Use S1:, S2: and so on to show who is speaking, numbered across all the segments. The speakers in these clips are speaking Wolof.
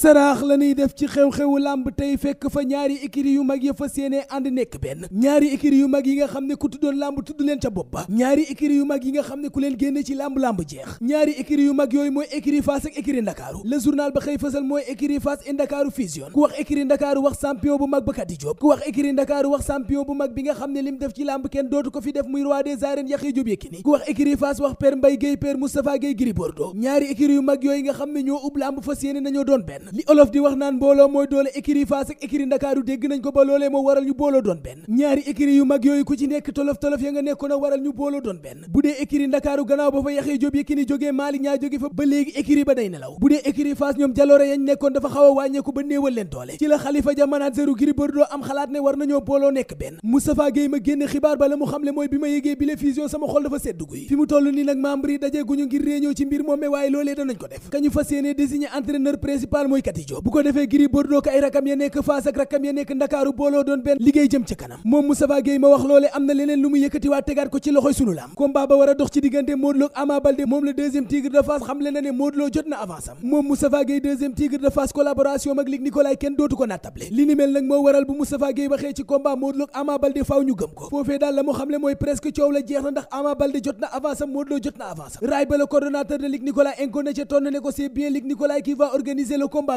S1: saraax la ñuy def ci xew-xewu làmb tey fekk fa ñaari écurie yu mag ya fas yéene ànd nekk benn ñaari écurie yu mag yi nga xam ne ku tuddoon làmb tudd leen ca bopp ba ñaari yu mag yi nga xam ne ku leen génne ci làmb làmb jeex ñaari écurie yu mag yooyu mooy écurie Fass ak écurie Ndakaaru le journal ba xëy fasal mooy écurie Fass et Ndakaaru fusion ku wax écurie Ndakaaru wax champion bu mag ba Kati Diop ku wax écurie Ndakaaru wax champion bu mag bi nga xam ne lim def ci làmb kenn dootu ko fi def muy roi des arènes Yaxya Diop Yékini ku wax écurie Fass wax Père nga xam ne ñoo ub làmb fas yéene nañoo doon li olof di wax naan mbooloo mooy doole écurie Fass ak écurie Ndakaaru dégg nañ ko ba loolee moo waral ñu booloo doon benn ñaari écurie yu mag yooyu ku ci nekk tolof-tolof ya nga nekkoon a waral ñu booloo doon benn bu dee écurie Ndakaaru gannaaw ba fa yaxee jóob Yékini jógee Malick Niang jóge fa ba léegi écurie ba day nelaw bu dee écurie Fass ñoom jaloore yañ nekkoon dafa xaw a wàññeeku ba néewal leen doole ci la Khalifa Dia manageru Gris Bordeaux am xalaat booloo nekk ba la mu xamle mooy bi ma yégee bi la fusion sama woykat bu ko defee Gris Bordeaux ay rakam ya nekk Fass ak rakam ya nekk Ndakaaru booloo doon benn liggéey jëm ca kanam moom Moustapha Guèye ma wax loole am na leneen lu mu yëkkati waa tegaat ko ci loxoy sunu lam combat ba war dox ci diggante Modou Lo ak moom le deuxième tigre de Fass xamle na ne Modou jot na avance moom Moustapha Guèye deuxième tigre de Fass collaboration ak Luc Nicolaï kenn dootu ko nattable li ni nag moo waral bu Moustapha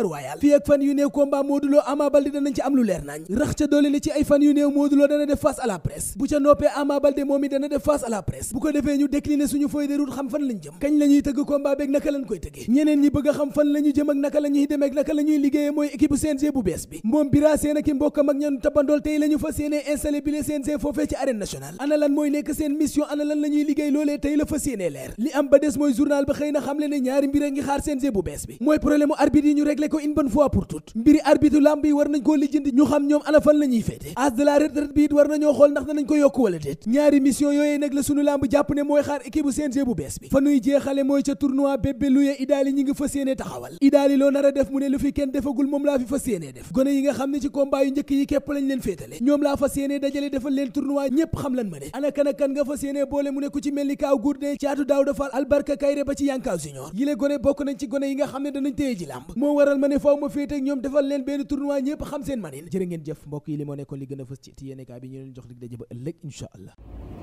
S1: combat ak fan yu néew combat Modou Lo Ama Baldé ci am lu leer nañ rax ca doole li ci ay fan yu néew Modou Lo dana def face à la presse bu ca noppee Ama Baldé moom i dana def face à la presse bu ko defee ñu décliner suñu feuille de xam fan lañ jëm kañ la tëgg combat beeg naka lañ koy tëgge ñeneen ñi bëgg xam fan la jëm ak naka la ñuy naka la ñuy mooy équipe seen ak bu bees réglé ko une bonne yi war nañ koo lijjanti ñu xam ñoom ana fan la ñuy féete âge war nañoo xool ndax danañ ko yokku wala déet ñaari mission yooyee nag la sunu lamb jàpp ne mooy xaar équipe bu CNG bu bees bi fa nuy jeexale mooy ca tournoi bébé luye idaali ñi ngi fas yéene taxawal idaali loo def mu ne lu fi kenn defagul moom laa fi fas yéene def gone yi nga xam ne ci combat njëkk yi képp lañ leen féetale ñoom laa fas yéene dajale waral ma ne faw ma féete ak ñoom defal leen benn tournoi ñëpp xam seen manin jërë ngeen jëf mbokk yi li moo nekkoon gën a fës ci yéenekaay bi ñu leen jox dig daje ba ëllëg incha allah